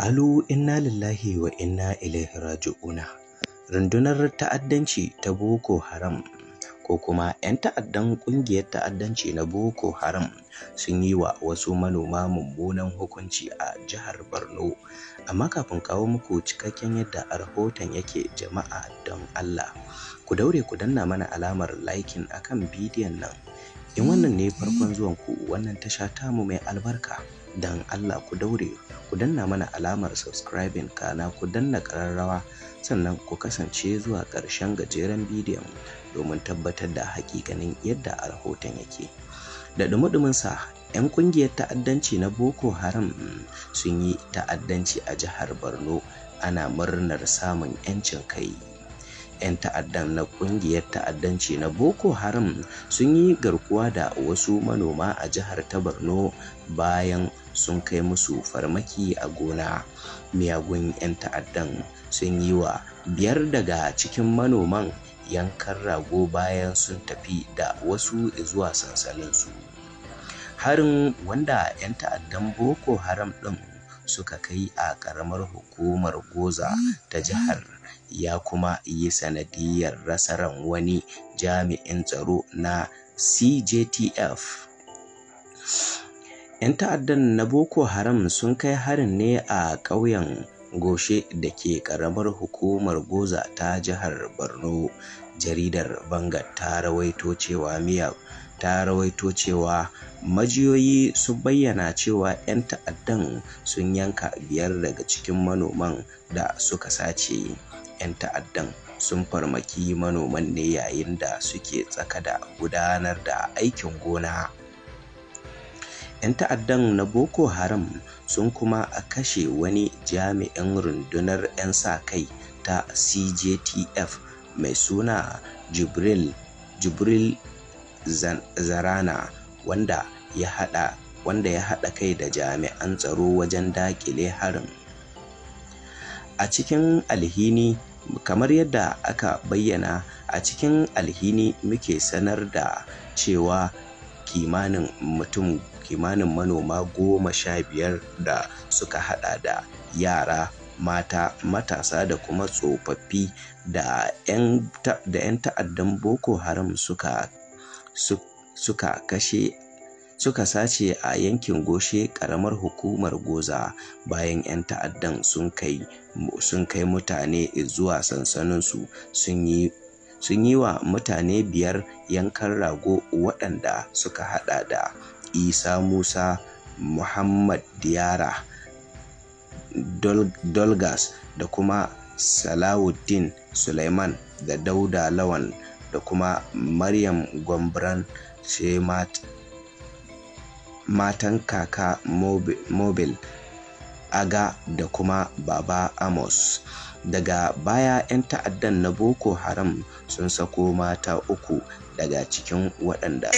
Alu inna lillahi wa inna ilaihi raji'una. Rundunar ta'addanci ta Boko Haram ko kuma 'yan ta'addan ƙungiyar ta'addanci na Boko Haram sun yi wa wasu manoma mummunan hukunci a jihar Borno. Amma kafin kawo muku cikakken yadda rahoton yake jama'a don Allah. Ku daure ku danna mana alamar likin akan bidiyon nan. In wannan ne farkon zuwanku wannan tasha tamu mai albarka. dan Allah ku daure ku danna mana alamar subscribing kana ku danna ƙararrawa sannan ku kasance zuwa ƙarshen gajeren bidiyon domin tabbatar da hakikanin yadda a rahoton yake da dumi sa 'yan kungiyar ta'addanci na boko haram sun yi ta'addanci a jihar borno ana murnar samun 'yancin kai 'yan ta'addan na kungiyar ta'addanci na boko haram sun yi garkuwa da wasu manoma a jihar ta borno bayan sun kai musu farmaki a gona miyagun 'yan ta'addan sun yi wa biyar daga cikin manoman yankan rago bayan sun tafi da wasu zuwa sansaninsu harin wanda 'yan ta'addan boko haram ɗin suka kai a karamar hukumar goza ta jihar ya kuma yi sanadiyar rasa ran wani jami'in tsaro na cjtf 'yan ta'addan na boko haram sun kai harin ne a ƙauyen goshe da ke karamar hukumar goza ta jihar borno jaridar bangar ta rawaito cewa miyar. ta rawaito cewa majiyoyi sun bayyana cewa 'yan ta'addan sun yanka biyar daga cikin manoman da suka sace 'yan ta'addan sun farmaki manoman ne yayin da suke tsaka da gudanar da aikin gona 'yan ta'addan na boko haram sun kuma a kashe wani jami'in rundunar 'yan sa-kai ta cjtf mai suna jibril zarana wanda ya haɗa wanda ya haɗa kai da jami'an tsaro wajen daƙile harin a cikin alhini kamar yadda aka bayyana a cikin alhini muke sanar da cewa kimanin mutum kimanin manoma goma sha biyar da suka hada da yara mata matasa da kuma tsofaffi da 'yan ta'addan boko haram suka suka kashe suka sace a yankin Goshe karamar hukumar Goza bayan 'yan ta'addan sun kai mutane zuwa sansaninsu sun yi sun yi wa mutane biyar yankan rago waɗanda suka haɗa da Isa Musa Muhammad Diyara Dolgas da kuma Salawuddin Suleiman da Dauda Lawan da kuma maryam gombran ce matan kaka mobil aga da kuma baba amos daga baya 'yan ta'addan na boko haram sun sako mata uku daga cikin waɗanda